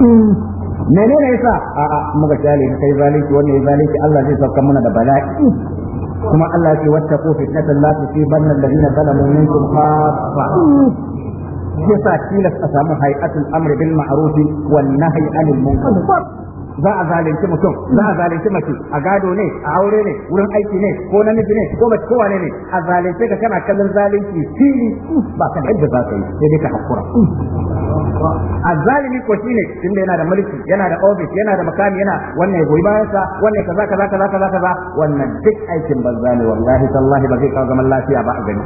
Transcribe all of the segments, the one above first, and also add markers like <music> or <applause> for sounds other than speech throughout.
menene yasa a a muka kyale ka kai zalunci wannan ya zalunci Allah zai sauka mana da bala'i kuma Allah ya ce wattaqu fitnatan la tusibanna alladhina zalamu minkum khaffa yasa tilas a samu hay'atul amri bil ma'ruf wan nahyi anil munkar za a zalunci mutum za a zalunci mace a gado ne a aure ne wurin aiki ne ko namiji ne ko mace kowane ne a zalunce ka kana kallon zalunci fili ba ka da yadda za ka yi sai dai ka hakura a zalimi ko shine tunda yana da mulki yana da office yana da makami yana wannan goyi bayan sa wannan kaza kaza kaza kaza kaza wannan duk aikin banza ne wallahi tallahi ba zai kawo zaman lafiya ba a gani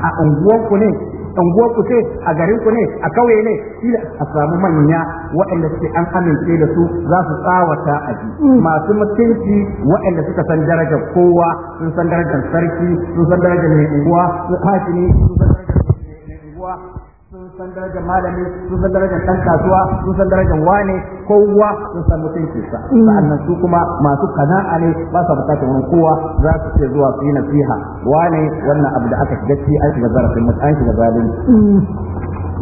a unguwar ku ne unguwar ku ce a garin ku ne a kauye ne kila a samu manya waɗanda suke an amince da su za su tsawata a ji mm. masu mutunci waɗanda suka san darajar kowa sun san darajar sarki sun san darajar mai unguwa sun hakimi sun san darajar mai unguwa sun darajar malami sun san darajar ɗan kasuwa sun san darajar wane kowa sun san mutuncinsa mm. sa'annan su kuma masu kana'a ne ba sa bukatar wani kowa za su ce zuwa su yi nasiha wane wannan abu da aka shiga ci an shiga zarafin an shiga zalunci mm.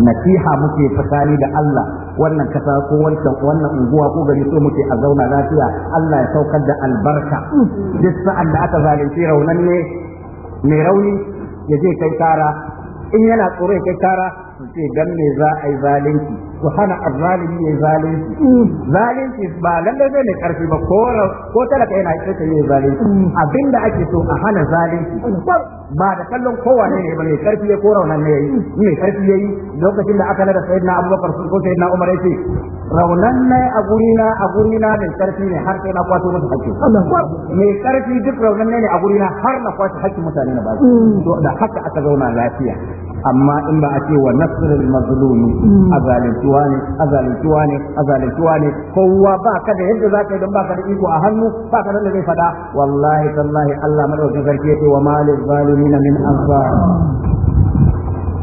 nasiha muke fasali da Allah wannan kasa ko wancan wannan unguwa ko gari so muke a zauna lafiya Allah ya saukar da albarka mm. duk sa'an da aka zalunci raunan ne mai rauni ya je kai kara in yana tsoro ya kai kara ce dan me za a yi zalunci su hana azzalimi ya zalunci zalunci ba lallai zai ne karfi ba ko ko talaka yana ita yi zalunci abinda ake so a hana zalunci ba da kallon kowa ne ba mai karfi ya ko raunan ne yayi mai karfi yayi lokacin da aka nada sayyidina Abubakar ko sayyidina Umar yace raunan ne a gurina a gurina da karfi ne har sai na kwato masa hakki mai karfi duk raunan ne a gurina har na kwato hakki mutane na ba to da haka aka zauna lafiya amma in ba a ce wa nasrul mazlumi azalintuwa ne azalintuwa ne azalintuwa ne kowa ba ka da yadda zaka yi don baka da iko a hannu ba ka da zai fada wallahi tallahi Allah madaukakin sarki yake wa malil zalimi للظالمين من أنصار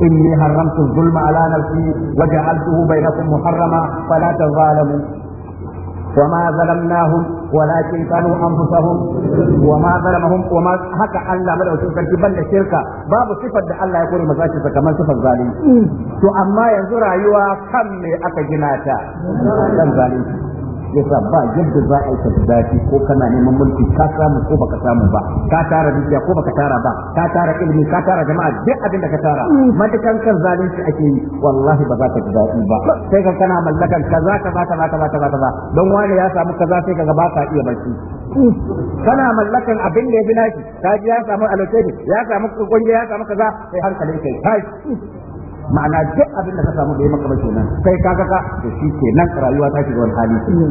إني حرمت الظلم على نفسي وجعلته بينكم محرما فلا تظالموا وما ظلمناهم ولكن كانوا أنفسهم وما ظلمهم وما هكا الله مدعو شركا بل الشركة باب صفة الله يقول مساكسة كمان صفة الظالم تو أما ينظر أيها كم أكجناتا كم ظالم yasa ba yadda za a yi ko kana neman mulki ka samu ko baka samu ba ka tara dukiya ko baka tara ba ka tara ilimi ka tara jama'a duk abin da ka tara mm. matakan kan zalunci ake yi wallahi ba za ka ji daɗi ba sai ka kana mallakan kaza ka ba ta ba ta ba ta ba ba don wani ya samu kaza sai ka ba ka iya barci mm. kana mallakan abin da ya bi naki ka ji ya samu alheri ya samu kungiya ya samu kaza sai hankalin kai ma'ana duk abin da ka samu da ya maka kenan sai ka kaka da shi ke nan rayuwa ta shiga wani hali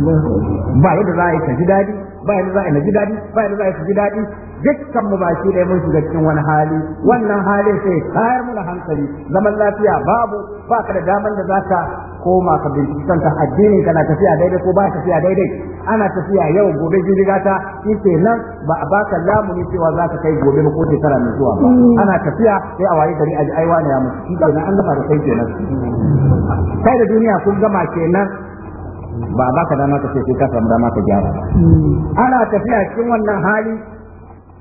ba yadda za a yi ka ji daɗi ba yadda za a yi na ji daɗi ba yadda za a ji daɗi dukkan mu shi ne mun shiga cikin wani hali wannan halin sai tayar mu da hankali zaman lafiya babu ba ka da daman da za ka koma ka binciki kanka addinin kana tafiya daidai ko ba tafiya daidai ana tafiya yau gobe jirga ta shi nan ba a baka lamuni cewa za ka kai gobe ko shekara mai zuwa ba ana tafiya sai a waye gari a ji aiwa ne ya mutu shi kenan an gama da kai kenan kai da duniya kun gama kenan ba a baka dama ka ce sai ka samu dama ka gyara hmm. ana tafiya cikin wannan hali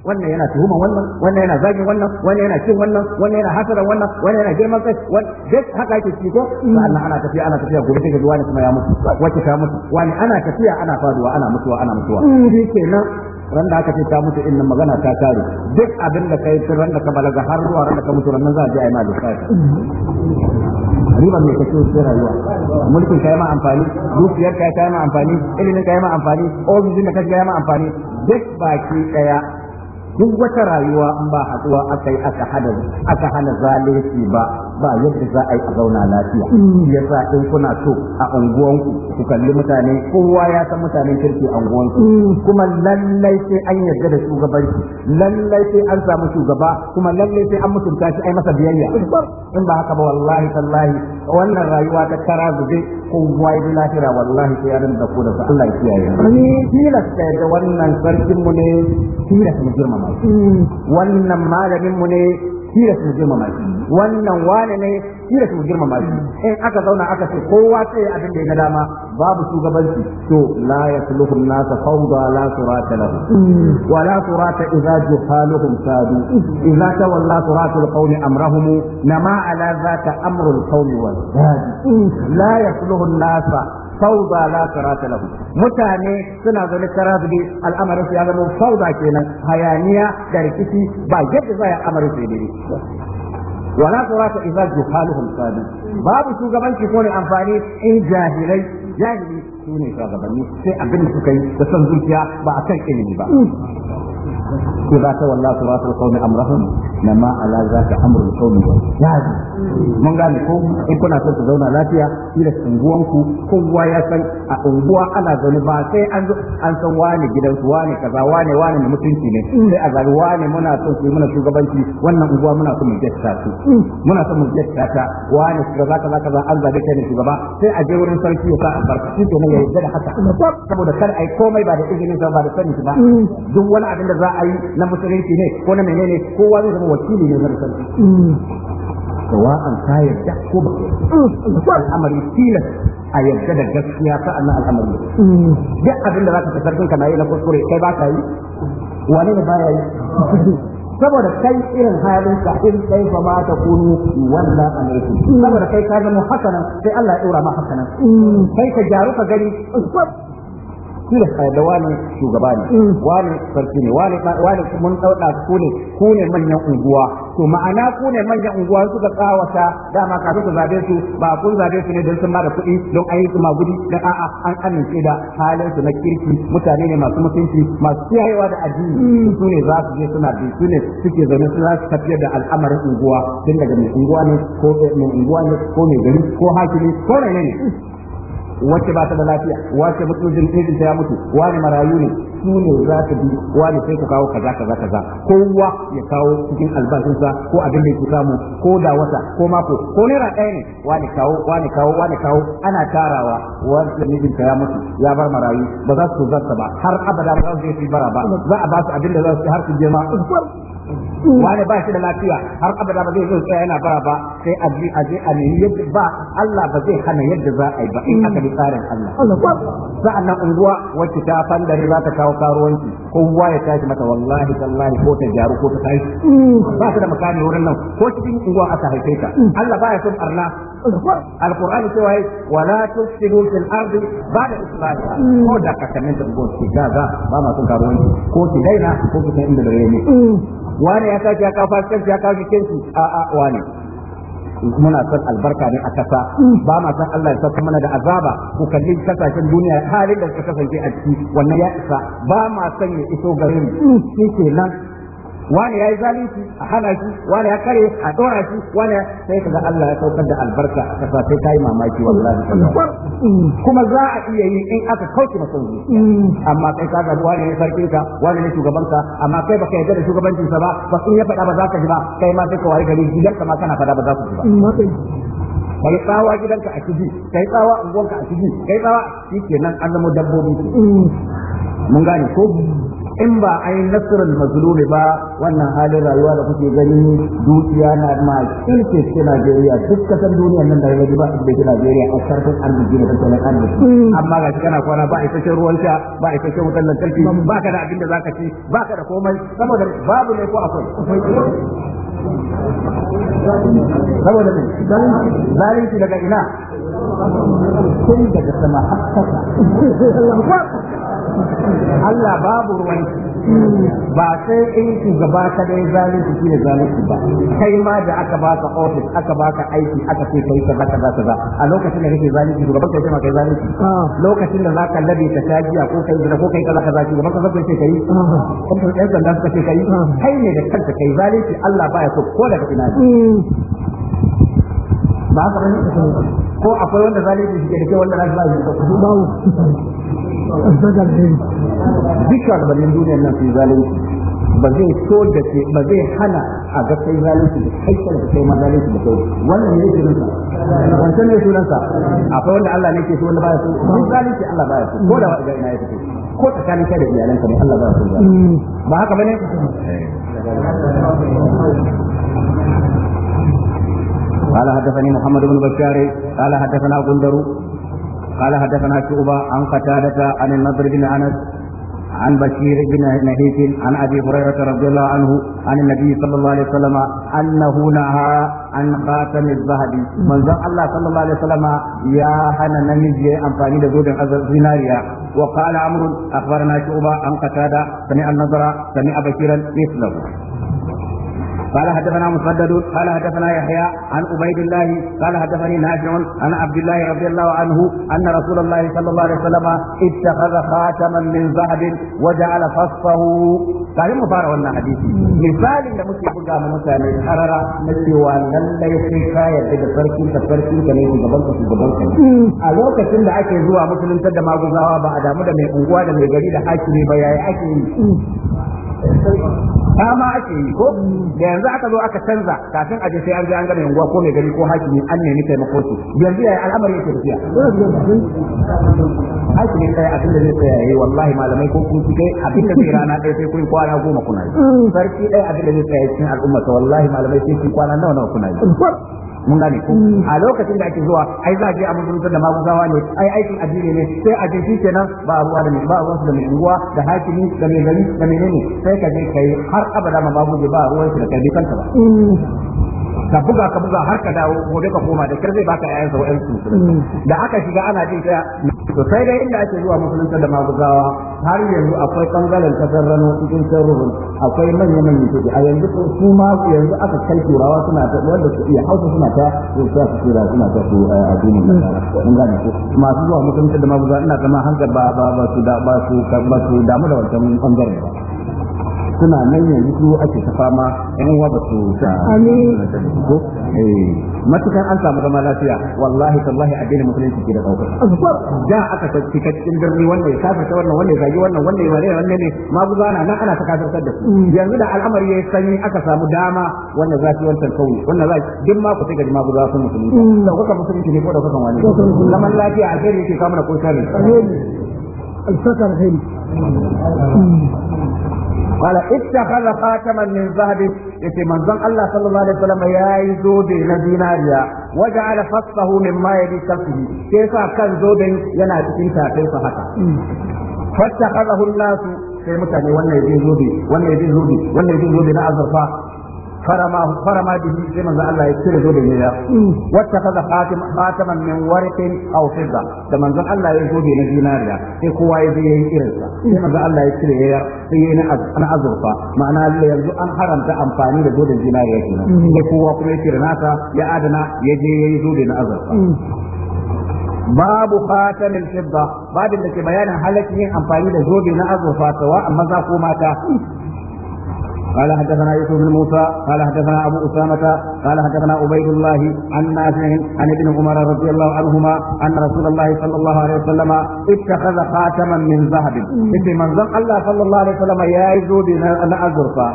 wannan yana tuhuma wannan wannan yana zagin wannan wannan yana cin wannan wannan yana hasara wannan wannan yana girman kai duk haka yake ciki ko hmm. sannan ana tafiya ana tafiya gobe take zuwa ne kuma ya mutu wace ta mutu wani ana tafiya ana faduwa ana mutuwa ana mutuwa hmm, shi kenan randa aka ce ta mutu inna magana ta tare duk abin da kai ran da ka balaga har zuwa ran da ka mutu nan za a je a yi ma lissafi riba mai kace cikin rayuwa mulkin ka ma amfani dukiyar ka ta ma amfani ilimin ka ma amfani ofisin da ka ma amfani duk baki daya duk wata rayuwa in ba haduwa aka yi aka hada aka hana zalunci ba ba yadda za a yi a zauna lafiya ya sa in kuna so a unguwanku ku kalli mutane kowa ya san mutanen kirki a unguwanku mm. kuma lallai sai an yarda da shugabanci lallai sai an samu shugaba kuma lallai sai an mutunta shi ai masa biyayya in ba haka ba wallahi tallahi wannan rayuwa ta kara zube kowa ya lahira wallahi sai ya rinda ko da Allah ya kiyaye tilasta da wannan sarkin mu ne tilasta mu girmama mm. wannan malamin mu ne kira su girmama shi wannan wane ne kira su girmama shi in aka zauna aka ce kowa sai abin da ya dama babu shugabanci to la yasluhu an-nas fawda la surata lahu wa la surata idza juhaluhum sadu idza tawalla suratu al-qawmi amrahum ma ala zaka amru al-qawmi wal la yasluhu an fauda la mutane suna zaune karabi al'amarin su ya zama kenan hayaniya da rikici ba yadda za a amarin su dai wala karata idza juhaluhum sadi babu shugabanci ko ne amfani in jahilai jahili su ne shugabanni sai abin suka yi da son zuciya ba akan ilimi ba. Sai za ta na ma ala za ka amrul qawmi wa yadi mun gane ko in kuna so ku zauna lafiya kila unguwan ku kowa ya san a unguwa ana zaune ba sai an an san wane gidan su wane kaza wane wane ne mutunci ne sai a zabi wane muna so ku muna shugabanci wannan unguwa muna so mu jatta su muna so mu jatta ta wane kaza kaza kaza an zabe kai ne shugaba sai a je wurin sarki ya sa albarka shi ne ya yarda da haka saboda kar ai komai ba da izinin sa ba da sanin ba duk wani abin da za a yi na musulunci ne ko na menene kowa zai zama wakili ne na sallah an ta yarda ko ba al'amari tilas a yarda da gaskiya sa'annan al'amari duk abin da zaka fitar kanka na yi na kuskure kai ba ka yi Wani ne ya yi saboda kai irin halin ka in kai ba ma ta kunu walla alaikum saboda kai ka zama hakanan sai Allah ya dora ma hakanan kai ka jaru ka gani kila da wani shugaba ne mm. wani sarki ne wani mun dauka ku ne ku ne manyan unguwa to ma'ana ku ne manyan unguwa suka tsawata dama ka ku zabe su ba kun zabe su ne don sun mara kuɗi don ayi su magudi da a'a an amince da halin su na kirki mutane ne masu mutunci masu kiyayewa da addini mm. su ne za su je suna bi su ne suke zaune su za su tafiyar da al'amarin unguwa tun daga mai unguwa ne ko mai unguwa ne ko mai gari ko hakimi ko ne ne wacce ba ta da lafiya wacce mutum ta ya mutu wani marayu ne su ne za ta bi wani sai ku kawo kaza kaza kaza kowa ya kawo cikin albashinsa ko abin da ya samu ko da wata ko mako ko naira ɗaya ne wani kawo wani kawo wani kawo ana tarawa wanda ta ya mutu ya bar marayu ba za su zarta ba har abada ba za su je su bara ba za a ba su abin da za su har su je ma wani ba shi da lafiya har abada ba zai zo tsaya yana bara ba sai a ji a je a nemi yadda ba Allah ba zai hana yadda za a yi ba in aka bi tsarin Allah sa'annan unguwa wacce ta fandare za ta kawo karuwanci kowa ya tashi mata wallahi tallahi ko ta jaru ko ta tashi mm. ba su da makami wurin nan ko cikin unguwa aka haife ka mm. Allah ya son arna القرآن سوى ولا تفسدوا في الأرض بعد إصلاحها ko da ka kamenta gon shiga ga ba ma sun karuwanci ko ko ne mm. wani ya kashi ya kawo fasikanci ya kawo a a wani muna son albarka ne a kasa ba ma san Allah ya sauka mana da azaba ko kalli kasashen duniya halin da suka kasance a ciki wannan ya isa ba ma san ya iso garin shi kenan wani yi zalunci a hana shi wani ya kare a dora shi wani sai kaga Allah ya saukar da albarka ka sa sai kai mamaki wallahi kuma za a iya yi in aka kauce masa amma kai ka kaga wani ne sarkin ka wani ne shugaban amma kai baka yarda da shugabancin sa ba ba in ya faɗa ba za ka ji ba kai ma sai ka wari gari gidan ka ma kana faɗa ba za ku ji kai tsawa gidanka a ciki kai tsawa unguwanka a ciki kai tsawa shikenan an zama dabbobi mun gane ko in ba a yi nasirin mazlumi ba wannan halin rayuwa da kuke gani dukiya na ma kirce ce Najeriya duk kasan duniya nan da yaji ba a da Najeriya a sarfin arziki da tattalin arziki mm. amma ga shi kana kwana ba a isasshen ruwan sha ba a isasshen wutar lantarki mm. ba ka da abin da zaka ci ba ka da komai saboda babu ne ko akwai saboda ne zalunci daga ina sai daga sama haskaka Allah babu ruwan ba sai in shugaba ka dai zalunci shi ne zalunci ba kai ma da aka baka office aka baka aiki aka ce kai ka baka za ba a lokacin da kake zalunci shugaban kai ma kai zalunci ah. lokacin da zaka labe ka tajiya ko kai da ko kai kaza kaza shugaban ka zaka ce kai kuma ɗan sanda suka ce kai ah. kai ne da kanka kai zalunci Allah baya so ko daga ina ba haka bane ko akwai wanda zalunci shi ke da kai wanda ko dukkan duniyar nan ba zai so da ke ba zai hana a ga sai zalunci da kai da kai ma zalunci da kai wannan ne yake nuna wancan ne sunansa akwai wanda Allah ne ke so wanda baya so duk zalunci Allah baya so ko da ga ina yake ko tsakanin kai da iyalanka ne Allah baya so hmm. ba haka bane eh. قال حدثني محمد بن بشار قال حدثنا غندر قال حدثنا شعبة عن قتادة عن النضر بن أنس عن بشير بن نهيك عن أبي هريرة رضي الله عنه عن النبي صلى الله عليه وسلم أنه نهى عن خاتم الذهب من ذا الله صلى الله عليه وسلم يا حنا نمجي أنفاني لزود الزنارية وقال عمرو أخبرنا شعبة عن قتادة سمع النظر سمع بشيرا مثله قال حدثنا مسدد قال حدثنا يحيى عن عبيد الله قال حدثني نافع عن عبد الله رضي الله عنه ان رسول الله صلى الله عليه وسلم اتخذ خاتما من ذهب وجعل فصه قال مفارع wannan hadisi misalin da muke buga ma mutane harara na cewa lallai sai ka yarda da farkin ka farkin ka ne shugaban ka shugaban a lokacin da ake zuwa musuluntar da maguzawa ba a damu da mai unguwa da mai gari da hakimi ba yayi ake yi fama ake yi ko da yanzu aka zo aka canza kafin aje sai an je an gane yanguwa ko mai gari ko hakimi an nemi taimako su yanzu yayi al'amari yake tafiya ne kai abin da zai tsaya yayi wallahi malamai ko kun kai abin da zai rana ɗaya sai kun kwana goma kuna yi mm. sarki ɗaya abin da zai tsaya cikin al'umma wallahi malamai sai kun kwana nawa nawa kuna yi mun gane mm. a lokacin da ake zuwa ai za a je a mutuntar da maguzawa ne ai aikin addini ne sai a je kenan ba a ruwa da mai ba da mai unguwa da hakimi da mai gari da menene sai ka je kai har abada ma maguje ba ruwan su da kai bai kanta ba mm. ka buga ka buga har ka dawo gobe ka koma da kar zai baka yayan sa wa'ansu mm. da aka shiga ana jin ta to sai dai inda ake zuwa musulunta da maguzawa har yanzu akwai kangalan kasar rano cikin sarrufin akwai manya manyan kuɗi a yanzu su ma yanzu aka kai turawa suna ta wanda su iya hausa suna ta su sa su tura suna ta su eh, addinin mm. in gane ko masu zuwa musulunta da maguzawa ina kama hankali ba ba su da ba su ba su damu da wancan bangaren ba suna nan yanzu su ake ta fama yan uwa ba su ta ko eh, an samu zama lafiya wallahi tallahi addinin musulunci ke da daukar da aka sauki cikin birni wanda ya kafirta wannan wanda ya zagi wannan wanda ya bare wannan ne ma zana nan ana ta kafirtar da su mm. yanzu da al'amari ya sanyi aka samu dama wanda za su wancan kauye wanda za duk ma ku sai gaji ma buza sun musulunci da kuka mm. musulunci ne ko da kuka wani zaman lafiya a kai yake kawo mana ko shari alsakar khairi wala ita kada fata man min zahabi ya ce manzon Allah sallallahu alaihi wasallam ya yi zobe na zinariya waje ala fassahu min ma ya bi tafsiri ke sa kan zoben yana cikin tafin sa haka fata kada hulnasu sai mutane wannan ya bi zobe wannan ya bi zobe wannan ya bi zobe na azurfa farama farama bihi sai manzo Allah ya cire zo da wata kaza fatima fataman min warqin aw da manzo Allah ya zo na dinariya sai kowa ya je irin sa sai manzo Allah ya cire ya sai yayin azurfa ma'ana yanzu an haramta amfani da sai kowa kuma ya cire nasa ya adana ya je yayin na azurfa babu khatamin fidda babin da ke bayanin halaccin yin amfani da zobe na azurfa sawa maza ko mata قال حدثنا يوسف بن موسى قال حدثنا أبو أسامة قال حدثنا عبيد الله عن نافع عن ابن عمر رضي الله عنهما أن رسول الله صلى الله عليه وسلم اتخذ خاتما من ذهب في منزل الله صلى الله عليه وسلم يا يزود الأزرفة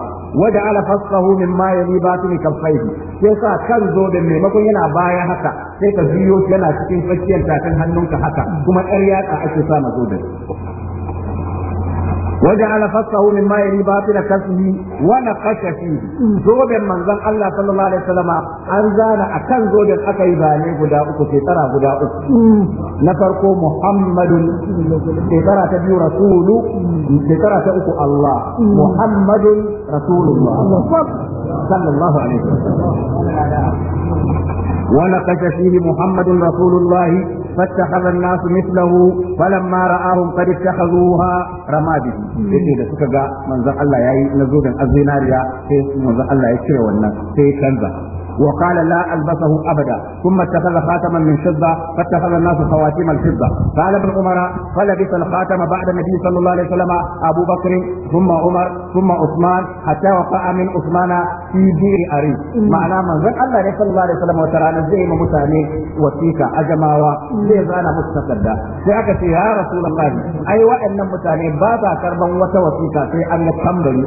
وجعل فصه مما يلي باطن كفيه yasa kan zo da maimakon yana baya haka sai ka biyo yana cikin tsakiyar tafin hannunka haka kuma 'yar yatsa ake sa na zo da وجعل فصه مما يلي باطل كسبه ونقش فيه زوبا من زن الله صلى الله عليه وسلم أن زان أكن زوبا أكي بالي غدا أكو ترى غدا أكو نفرقو محمد ترى تبي رسول ترى تأكو الله محمد رسول الله صلى الله عليه وسلم ونقش فيه محمد رسول الله فاتخذ الناس مثله فلما رآهم قد اتخذوها رمى به yace da suka ga manzon Allah yayi na zoben azinariya sai manzon Allah ya cire wannan sai ya canza وقال لا ألبسه أبدا ثم اتخذ خاتما من فضة فاتخذ الناس خواتيم الفضة قال ابن عمر فلبس الخاتم بعد النبي صلى الله عليه وسلم أبو بكر ثم عمر ثم عثمان حتى وقع من عثمان في دير اريس معناه من ذن الله صلى الله عليه وسلم وترى زي ما متاني وثيقة أجماوا زي زانا مستقدة سيأك يا رسول الله أي وإن متاني بابا كربا وتوثيقة في أن يتنبري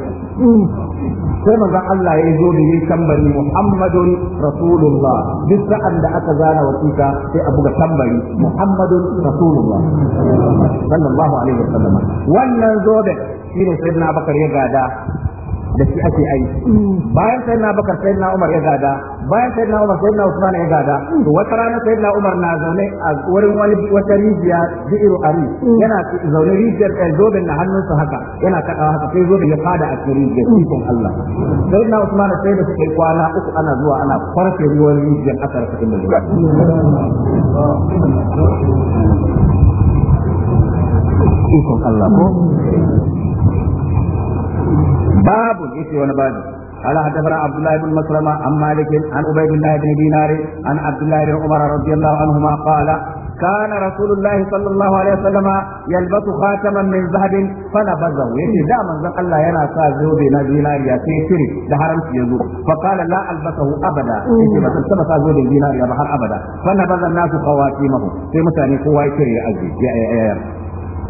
سيما ذا الله يزول لي تنبري محمد rasulullah duk sa'an da aka zana wasiƙa sai a buga tambari muhammadun rasulullah sallallahu alaihi wasallam wannan zobe sai na bakar ya gada da shi ake aiki bayan na bakar na umar ya gada bayan sai na umar sai na usman ya gada to wata rana sai na umar na zaune a wurin wani wata rijiya bi'iru ari yana zaune rijiyar kai zobin na hannunsa haka yana kadawa haka sai zobin ya fada a cikin rijiyar cikin Allah sai na usman sai da suke kwana uku ana zuwa ana farfe ruwan rijiyar a rasa inda zuwa ikon Allah ko babu yace wani babu قال حدثنا عبد الله بن مسلمة عن مالك عن عبيد الله بن دينار عن عبد الله بن عمر رضي الله عنهما قال كان رسول الله صلى الله عليه وسلم يلبس خاتما من ذهب فنبذه يعني دا من ذا الله ينا سا زوبي نا دينار يا تيري ده حرام يزو فقال لا البسه ابدا يجي بس سبا سا زوبي دينار يا بحر ابدا فنبذ الناس خواتيمه في متاني كوا يكري يا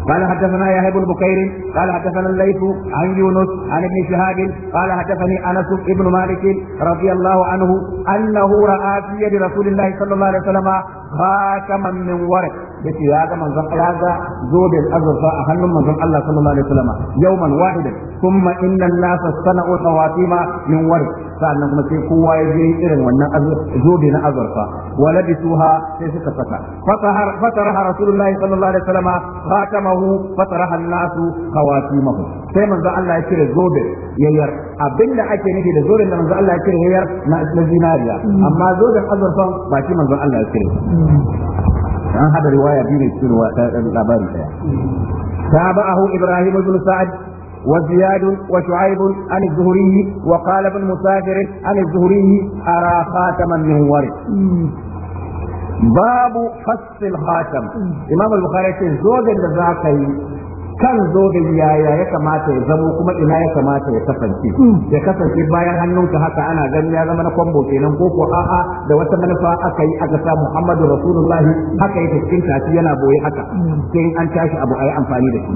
قال حدثنا يحيى بن بكير قال حدثنا الليث عن يونس عن ابن شهاب قال حدثني انس بن مالك رضي الله عنه انه راى في يد رسول الله صلى الله عليه وسلم khataman min warq yace ya ga manzon ya ga zobel azurfa a hannun manzon Allah sallallahu alaihi wasallam yawman wahidan thumma inna an-nasa sana'u tawatima min warq sannan kuma sai kowa ya je irin wannan zobe na azurfa walabisuha sai suka saka fatahar fataraha rasulullahi sallallahu alaihi wasallam khatamahu fataraha an-nasu khawatimahu sai manzon Allah ya cire zobe yayyar abinda ake nufi da zobe da manzon Allah ya cire yayyar na zinariya amma zoben azurfan ba shi manzon Allah ya cire an hada riwaya biyu ne cikin labari daya tabi'ahu ibrahim ibn sa'ad wa ziyad wa shu'aib an az-zuhri wa qala ibn musafir an az-zuhri ara khataman min warid babu Fassil khatam imam al-bukhari ce zo da zakai kan zo da yaya ya kamata ya zamo kuma ina ya kamata ya kasance ya kasance bayan hannunka haka ana ganin ya zama na kwambo kenan ko ko a'a da wata manufa aka yi aka sa Muhammadu Rasulullahi haka yake cikin tafi yana boye haka sai an tashi abu ayi amfani da shi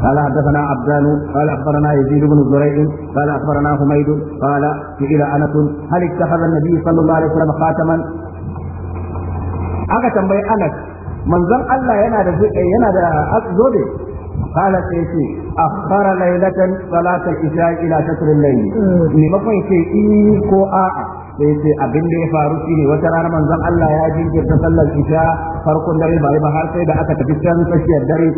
قال حدثنا عبدان قال اخبرنا يزيد بن زريع قال اخبرنا حميد قال سئل انس هل اتخذ النبي صلى الله عليه وسلم خاتما aka tambayi Anas manzon Allah yana da eh, yana da zobe قال سيتي أخر ليلة صلاة العشاء إلى شطر الليل لمكن شيء كو آآ sai mm. ce abin da ya faru shi ne wata rana manzon Allah ya jinkirta sallar isha farkon dare ba bai ba har sai da aka tafi can tsakiyar dare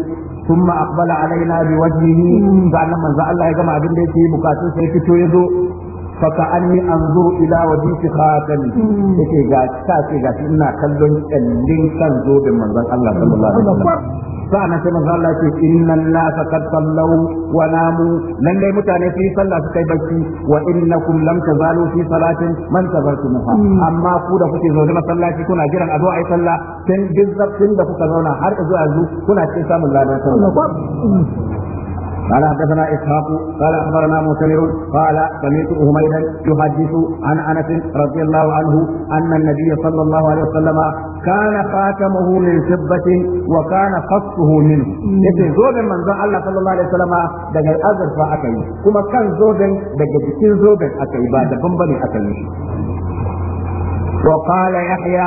thumma aqbala alaina bi wajhihi mm. sannan manzon Allah ya gama abin da yake bukatu sai fito ya zo faka an ni an zuru ila wa bisi khatami mm. yake ga ta ce ina kallon kallin kan zo da Allah sallallahu alaihi wasallam sa'an sai manzon Allah ce inna nasa qad sallu wa namu nan dai mutane su yi sallah su kai bacci wa innakum lam tazalu fi salatin man tabartumuha mm. amma ku da kuke zaune masallaci kuna jiran a zo a yi sallah tun da kuka zauna har zuwa yanzu kuna cikin samun ladan sallah قال حدثنا اسحاق قال اخبرنا معتمر قال سمعت اميدا يحدث عن انس رضي الله عنه ان النبي صلى الله عليه وسلم كان خاتمه من فضة وكان قصه منه يتي زوبن من زن الله صلى الله عليه وسلم daga azurfa aka ثم كان kan zoben daga jikin zoben aka yi ba وقال يحيى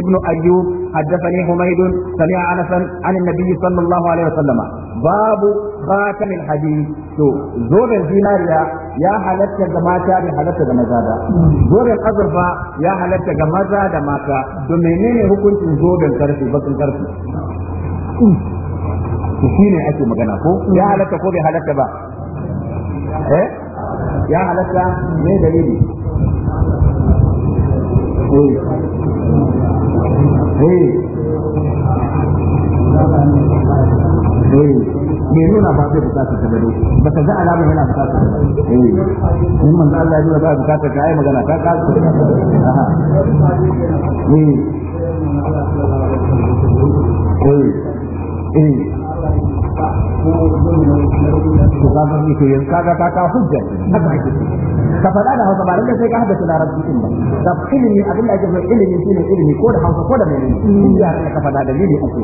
ابن أيوب حدثني حميد سمع انس عن النبي صلى الله عليه وسلم babu khatamin hadid to zoben zinariya ya halatta ga mata da halatta ga maza da zoben azurfa ya halatta ga maza da mata to menene hukuncin zoben karfi bakin karfi shi ne ake magana ko ya halatta ko bai halatta ba eh ya halatta me dalili eh eh bai eh, nuna ba zai bukata ta gado ba ka ga alama yana bukata ta gado eh, in manzo Allah ya nuna ba bukata magana ta ka eh eh, eh. to ka gani to yanzu kaga ka ka hujja haka ake ka faɗa da Hausa ba dan sai ka haddace larabci din ba da ilimi abin da ake so ilimi ne ilimi ko da Hausa ko da menene in ya ka faɗa da ni ne ake so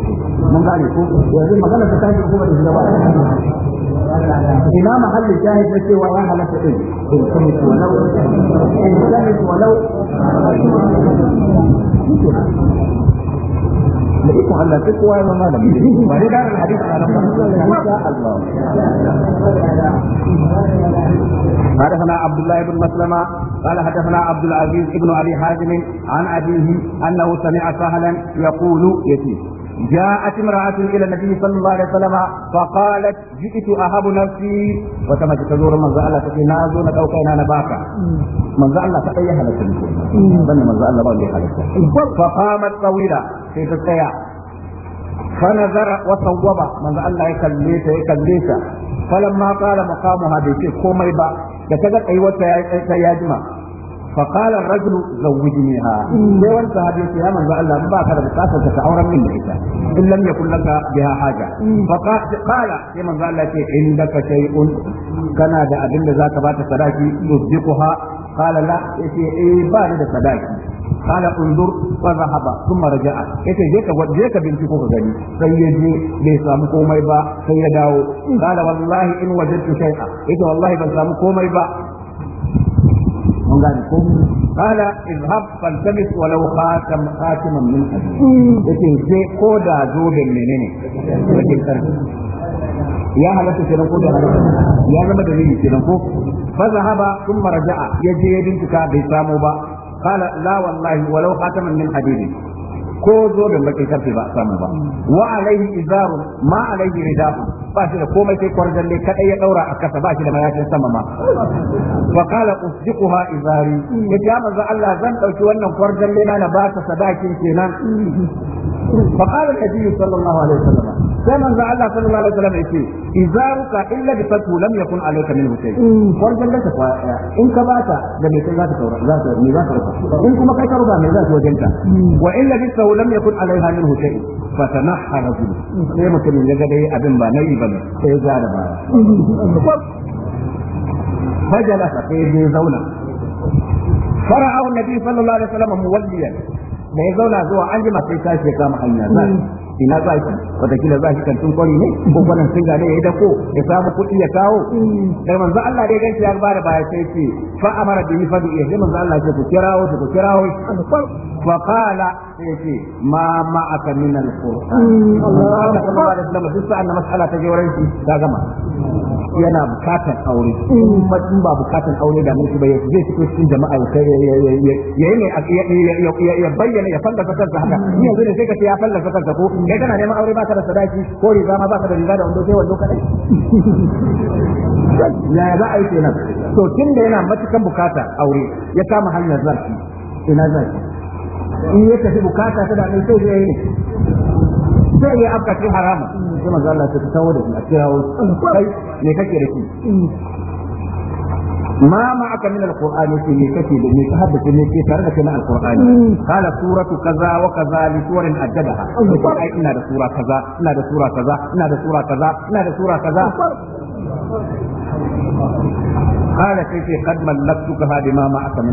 mun gane ko yanzu magana ta tafi kuma da shugaba ina mahallin shahid na cewa ya halatta din in kuma walau in kuma walau da ikon Allah sai kowa ya zama malami ba dai garin hadisi a nan ba Allah حدثنا عبد الله بن مسلمة قال حدثنا عبد العزيز بن أبي حازم عن أبيه أنه سمع سهلا يقول يتيم جاءت امرأة إلى النبي صلى الله عليه وسلم فقالت جئت أهب نفسي وكما تزور من زعل تكي نازو نتوقينا نباكا من زعل تأي حلسة بل من زعل بأولي حلسة فقامت طويلة في تستيع فنظر وصوب من زعل يكليت يكليت فلما قال مقامها بيتي كومي با da ta ga tsayuwar ta ya jima فقال الرجل زوجنيها دون صحابي يا من قال الله ما كان بقاسة تتعورا من إذا إن لم يكن لك بها حاجة فقال قال يا من قال لك عندك شيء كان هذا أبن ذاك بات صداكي تصدقها قال لا يتي إيه بارد صداكي قال انظر فذهب ثم رجع yace je ka je ka binciko ka gani sai ya je bai samu komai ba sai ya dawo qala wallahi in wajadtu shay'a yace wallahi ban samu komai ba mun gane ko qala izhab faltamis walau khatam khatiman min hadid yace sai ko da zoben menene yake karfi ya halatta kenan ko da ya zama da dalili kenan ko fa zahaba thumma raja'a yaje ya bincika bai samu ba qala la wallahi walau khataman min hadid ko zoben bakin karfe ba samu ba wa alaihi izarun ma alaihi ridaun ba shi da komai sai kwarjalle kadai ya daura a kasa ba shi da mayakin sama ma wa qala usdiquha izari yace ya manzo Allah zan dauki wannan kwarjalle na na ba sadakin kenan fa qala an-nabi sallallahu alaihi wasallam sai manzo Allah sallallahu alaihi wasallam yace izaruka illa bi fatu lam yakun alayka min shay wannan da fa in ka bata da me kai za ta za ta me za in kuma kai ka ruba me za ta wajen ka wa illa bi fatu lam yakun alayha min shay fa tanahha rajul sai mutum ya ga dai abin ba nayi bane sai ya ga da ba fajalasa sai ya zauna فرأى النبي صلى الله عليه وسلم da ya zauna zuwa an jima sai tashi ya kama hanya za ina za ki watakila za ki kantun kwari ne ko kwanan singa ne ya yi dako ya samu kuɗi ya kawo da mm. manzo Allah dai ganci ya bada baya sai ce fa amara bi mi fadi ya manzo Allah ce ku kirawo ku kirawo fa qala sai ce ma ma aka min al-qur'an mm, Allah Allah da sallama sai sa'an mas'ala ta je ta shi ka gama yana bukatar aure in ba in ba bukatar aure da mun ba zai fito cikin jama'a ya ya ya bayyana ya fallasa kansa haka mm. ni yanzu ne sai ka ce ya fallasa kansa ko kai kana neman aure baka da sadaki ko riga ma baka da riga da wando sai wando kadai <laughs> ya za a yi kenan to tunda yana matukan bukata aure ya kama hanyar zarfi ina zarfi in ya tafi bukata ta da sai zai yi ne sai ya afkaci haramun sai manzo Allah da a cewa kai me kake da shi ma aka min alqur'ani shi me kake da me ka haddace me ke tare da kai na alqur'ani kala suratu kaza wa kaza li suratin ajdaha ai da sura kaza ina da sura kaza ina da sura kaza ina da sura kaza قال كيف قد ملكتك هذه ما معك من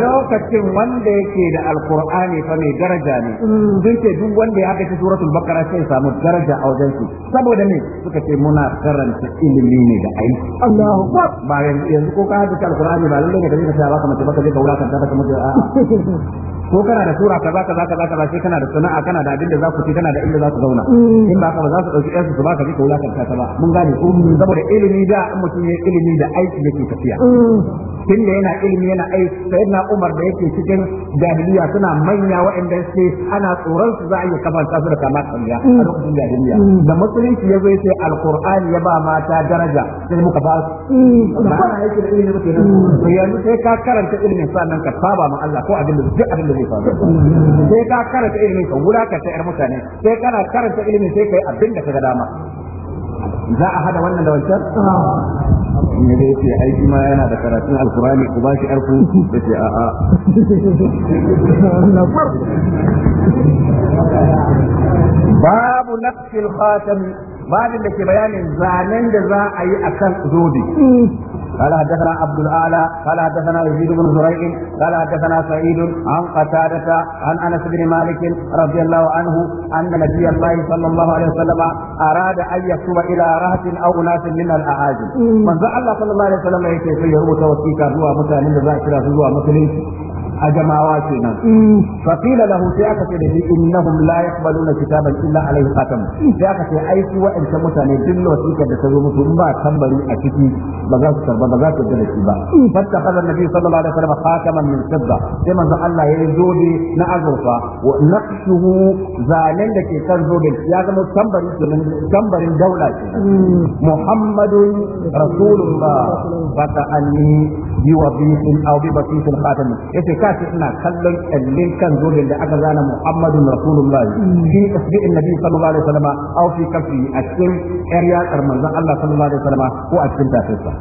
lokacin wanda yake da alkur'ani fa mai daraja ne sun ce duk wanda ya haka suratul bakara sai samu daraja a wajen su saboda me suka ce muna karanta ilimi ne da aiki Allahu ba yanzu ko ka haka alkur'ani ba lalle ka dinga a ba ka mace ba ka je ka wulakanta ka mutu a'a ko kana da sura kaza kaza kaza kaza sai kana da sana'a kana da abin da za ku ci kana da inda za zauna mm. in ba ka ba za su dauki yansu su baka ka wulakanta ta ba mun gane ko mm. saboda ilimi da mutum ya ilimi da aiki yake tafiya mm. tun da yana ilimi yana ai na Umar da yake cikin jahiliya suna manya waɗanda sai ana tsoron su za a yi kafanta su da kamar kariya a mm. lokacin jahiliya mm. da musulunci ya zo sai alqur'ani ya ba mata daraja sai muka ba su mm. ba yake da ilimi muke nan to yanzu sai ka karanta ilimin sannan ka saba ma Allah ko abin da duk abin da zai faru sai ka karanta ilimin ka wulakanta yar mutane sai kana karanta ilimin sai kai abin da ka ga dama za a hada wannan da wancan ah. in ya ce aiki ma yana da karatun alkurani ku ba shi arku da ce a a babu naqsil khatam babin da ke bayanin zanen da za a yi akan zobe قال حدثنا عبد الاعلى قال حدثنا يزيد بن زريع قال حدثنا سعيد عن قتادة عن انس بن مالك رضي الله عنه ان نبي الله صلى الله عليه وسلم اراد ان يكتب الى رهط او اناس من الاعاجم من الله صلى الله عليه وسلم يكتب يربط وسيكا هو متى من ذاكرة هو مسلم ajamawa kenan mm. fa qila lahu sai aka ce da shi innahum la yaqbaluna kitaban illa alaihi khatam sai aka ce ai su wa'ancan mutane duk wasiƙar da ta zo musu in ba tambari a ciki ba za su karba ba za su da shi ba mm. fattakhadha annabi sallallahu alaihi wasallam khataman min fidda sai manzo Allah ya zo na azurfa wa naqshuhu zalen da ke kan zobe ya zama tambari kenan tambarin daula ce mm. muhammadun rasulullah fa anni bi wabisin aw bi basisin khatami yace ka ce ina kallon kallin kan zolin da aka zana Muhammadun Rasulullah fi isbi'in Nabi sallallahu alaihi wasallam aw fi kafi a cikin ƴarya manzon Allah sallallahu alaihi wasallam ko a cikin tafsirsa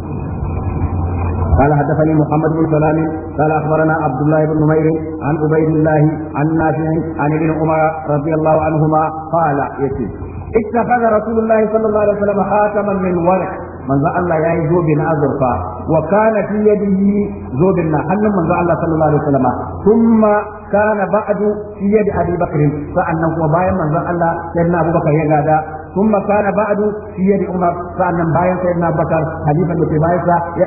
قال حدثني محمد بن سلام قال اخبرنا عبد الله بن نمير عن عبيد الله عن نافع عن ابن عمر رضي الله عنهما قال يتي اتخذ رسول الله صلى الله عليه وسلم خاتما من ورق manzon Allah yi zobe na azurfa wa kana fi yadihi zobe na hannun manzon Allah sallallahu alaihi wasallam thumma kana ba'du fi yadi Abi Bakr sa'annan kuma bayan manzon Allah sayyidina Abu Bakar ya gada ثم كان بعد في يد عمر فان باين سيدنا بكر حديثا في بايسا يا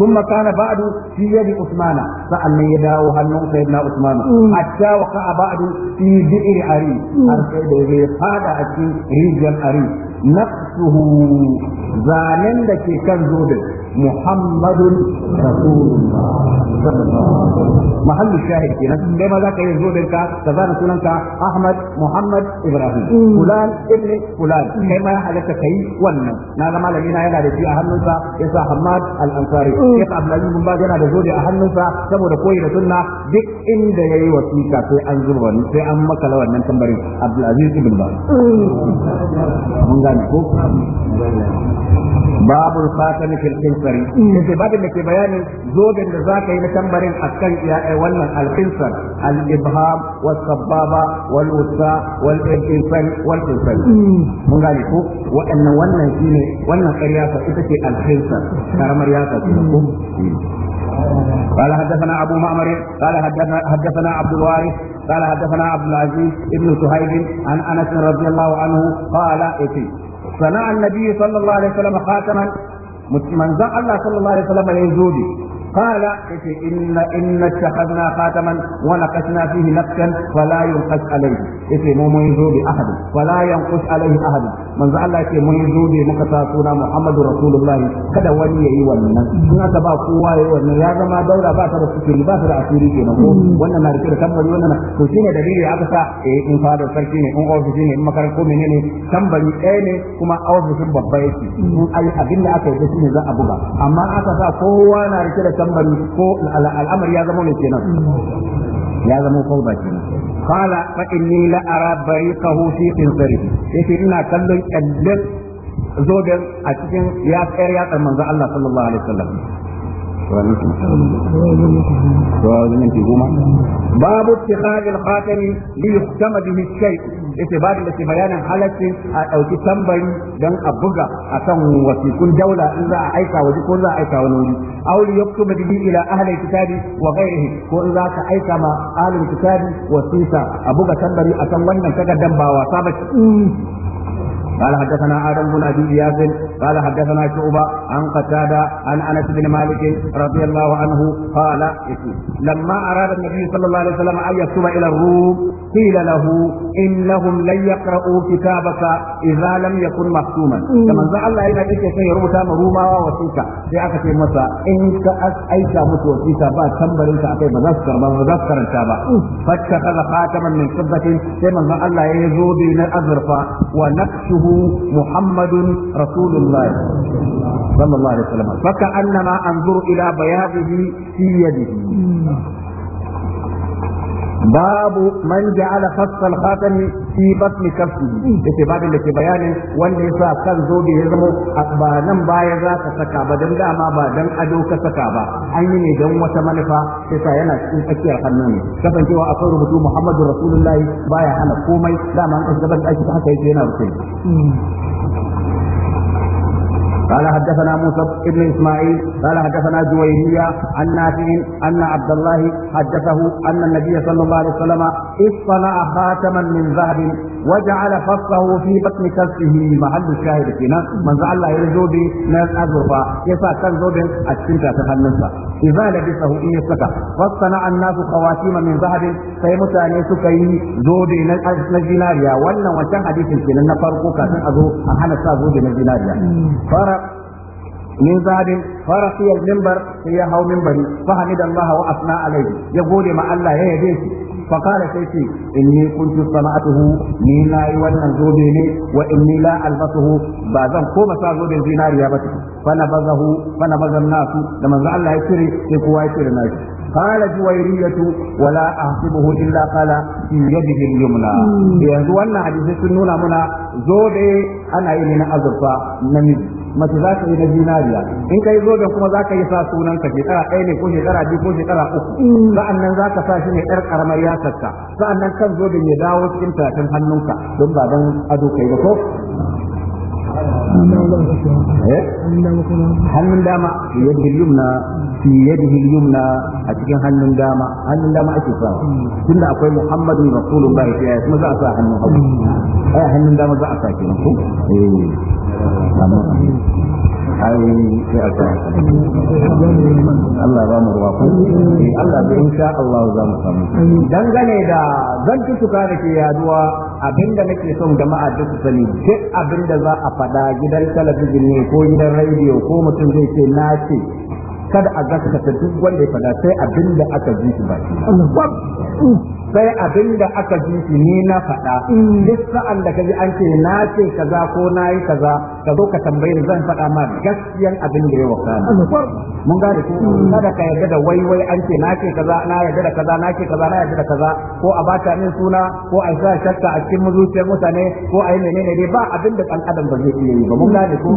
ثم كان بعد في يد عثمان فان يداو هنو سيدنا عثمان حتى وقع بعد في بئر عري هل سيد هذا اكي ريجن عري nafsuhu zanen da ke kan zobin muhammadun mahallu shahid kenan kai ma zaka yi zobin ka ka Ahmad Muhammad Ibrahim fulan ibn fulan kai ma ya halatta kai wannan na yana da shi a hannunsa yasa Hamad al-Ansari ya mm. ka yana da a hannunsa saboda koyi da sunna duk inda yayi wasiƙa sai an wannan sai an makala wannan mm. mm. ke bayanin zoben da za ka yi na tambarin akan eh, wannan alfinsar al-ibham was sababa wal usa wal insan wal insan mun gane ko waɗannan wannan shine wannan ƙarya ita ce alfinsar karamar yasa ko قال حدثنا ابو معمر قال حدثنا عبد الوارث قال حدثنا عبد العزيز بن سهيل عن انس رضي الله عنه قال اتي صنع النبي صلى الله عليه وسلم خاتما manzon Allah sallallahu alaihi wasallam ne zo قال إن إن اتخذنا خاتما ونقشنا فيه نقشا فلا ينقش عليه إيه مو يزو بأحد ولا ينقش عليه أحد من ذا الله يتي مو بمكتاتنا محمد رسول الله kada wani yayi wannan in aka ba kowa yayi wannan ya zama daura ba ta da sukuri ba ta da asiri kenan ko wannan na rike da tambari wannan to shine dalili aka sa in fadar sarki in ofisi ne in makarar ko menene tambari ɗaya ne kuma ofisin babba yaki. in ai abin aka yi shine za a buga amma aka sa kowa na rike da musamman ko al'amari ya zama mai kenan ya zama kwalba kenan qala fa ni la ara bariqahu fi qinsari yace ina kallon kallan zoben a cikin ya tsayar ya manzo Allah sallallahu alaihi wasallam babu tikhadil khatami li yuhtama bihi shay yace ba da ke bayanin halaccin a ɗauki tambari dan a buga akan wasikun daula in za a aika waje ko za a aika wani wuri aw li yaktuba ila ahli kitabi wa ghairihi ko in za aika ma ahli kitabi wasita a buga tambari akan wannan takardan ba wasa ba قال حدثنا آدم بن أبي ياسر قال حدثنا شعبة عن قتادة عن أنس بن مالك رضي الله عنه قال لما أراد النبي صلى الله عليه وسلم أن يكتب إلى الروم قيل له إنهم لن يقرأوا كتابك إذا لم يكن مختوما كما زعل الله إلى ذلك شيء روتا مروما وسيكا في أكثر مسا إن كأس أي مسوى سيكا با تنبل إنك أكي مذكر مذكر الكابا فاتخذ خاتما من فضة كما زعل الله يزود من الأذرفة ونقشه محمد رسول الله الله صلى الله عليه وسلم فكأنما أنظر إلى بياضه في يده باب من جعل خص الخاتم في بطن كفه bayanin wanda ya sa kan zobe ya zama ba nan baya za ka saka ba dan dama ba dan ado ka saka ba an yi ne dan wata manufa sai sa yana cikin tsakiyar hannun ne kasancewa akwai rubutu Muhammadu Rasulullahi baya hana komai dama an gaban da ake haka yake yana rufe قال حدثنا موسى بن اسماعيل قال حدثنا جويرية عن نافع أن عبد الله حدثه أن النبي صلى الله عليه وسلم اصطنع خاتما من ذهب وجعل فصه في بطن كفه محل الشاهد كنا من زعل الله يزوبي ناس أزرفا يسا كان زوبي أشتنك تخلنسا إذا لبسه إن يسكى فاصطنع الناس خواتيم من ذهب سيمتى يسكي زوبي نجناريا ولا وشان حديث كنا نفرقو كان أزو أحنا سا زوبي نجناريا فرق من ذهب فرقي المنبر هي هو منبري فحمد الله وأثنى عليه يقول ما الله يهديه فقال سيتي إني كنت صنعته نينا يوانا زوبيني وإني لا ألبسه بعضهم كوما سازو بالزينار يابته فنبذه فنبذ الناس لما زعل الله يسري يقوى يسري الناس قال جويرية ولا أحسبه إلا قال في يده اليمنى يزوانا حديث سنونا منا زوبي أنا إلينا أزرفا نمزي mace za ka yi na zinariya in ka yi zoben kuma za ka yi sa sunan ka shekara ɗaya ne ko shekara biyu ko shekara uku sa'an nan za ka sa shi ne ɗar ƙaramar yakarka sa'an nan kan zoben ya dawo cikin talatin hannunka don ba don ado kai ba ko hannun dama eh? yadda na fi yadihi yumna a cikin hannun dama hannun dama ake sa tunda akwai muhammadu rasulullahi sai ya kuma za a sa hannun hagu hmm. ai hannun dama za a sa kenan ko eh ai sai a sa Allah ba mu ruwa ko eh, Allah da insha Allah za mu samu hmm. dangane da zan tuka da ke yaduwa abinda nake son jama'a duk su sani duk abinda za a fada gidan talabijin ne ko gidan radio, ko mutum zai ce na ce kada a gaskata duk wanda ya fada sai abinda aka ji shi ba. sai abin da aka ji ni na faɗa mm. duk sa'an da kaji an ce na ce kaza ko na yi kaza ka zo ka tambayi ni zan faɗa ma gaskiyan abin da ya wakana mun gane ko mm. kada ka yarda da wai wai an ce na ce kaza na yarda da kaza na ce kaza na yarda da kaza ko a bata min suna ko a sa shakka a cikin zuciyar mutane ko a yi menene dai ba abin da ɗan adam ba zai yi ba mun mm. gane ko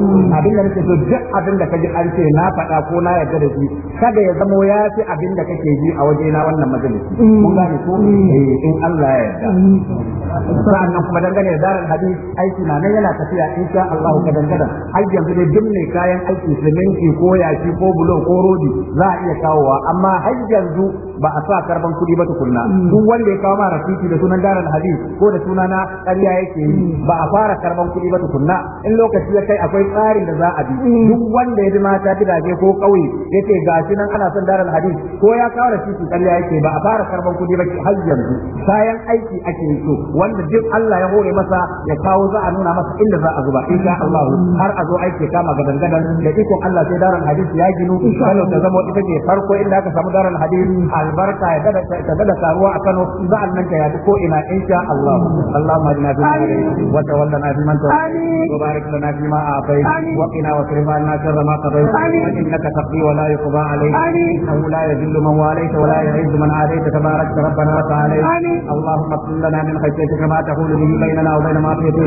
abin da nake so duk abin da kaji an ce na faɗa ko na yarda da shi kada ya zamo ya ce abin da kake ji a waje na wannan majalisi mun gane ko Eh, in Allah ya yarda nan kuma dangane da zarar hadisi aiki na nan yana tafiya in Allah ka dangada har yanzu dai duk mai kayan aiki siminti ko yashi ko bulo ko rodi za a iya kawowa amma har yanzu ba a sa karban kuɗi ba tukunna duk wanda ya kawo ma rafiki da sunan daren hadisi ko da suna na ƙarya yake yi ba a fara karban kuɗi ba tukunna in lokaci ya kai akwai tsarin da za a bi duk wanda ya ji mata gidaje ko ƙauye ce gasi nan ana son daren hadisi ko ya kawo rafiki ƙarya yake ba a fara karban kuɗi ba har yanzu kayan aiki ake yi to wanda duk Allah ya hore masa ya kawo za a nuna masa inda za a zuba insha Allah har a zo aiki kama gadan gadan da iko Allah sai daren hadisi ya ginu Kano ta zama ita ce farko inda aka samu daren hadisi albarka ya dada ta dada saruwa a Kano za'an nan ta yadi ko ina insha Allah Allahumma ma fi man wa tawallana na man tawallayt wa barik lana fi ma a'tayt wa qina wa sirfa anna sharra ka qadayt wa innaka taqdi wa la yuqda alayk innahu la yadhillu man walayta wa la yu'izzu man adayta tabarakta rabbana wa ta'ala عليه اللهم اغفر لنا من خشيتك ما تقول به بيننا وبين معصيتك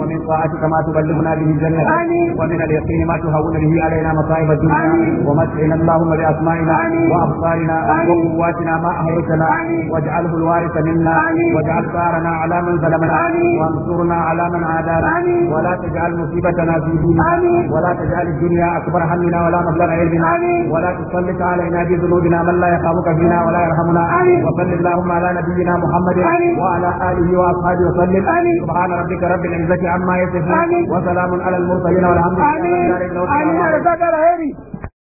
ومن طاعتك ما تبلغنا به الجنه ومن اليقين ما تهون به علينا مصائب الدنيا ومتعنا اللهم باسمائنا وابصارنا وقواتنا ما احييتنا واجعله الوارث منا واجعل ثارنا على من ظلمنا وانصرنا على من عادانا ولا تجعل مصيبتنا في ديننا ولا تجعل الدنيا اكبر همنا ولا مبلغ علمنا ولا تسلط علينا بذنوبنا من لا يخافك فينا ولا يرحمنا وصل اللهم على نبينا محمد وعلى آله وأصحابه وسلم سبحان ربك رب العزة عما يصفون وسلام على المرسلين والحمد لله رب العالمين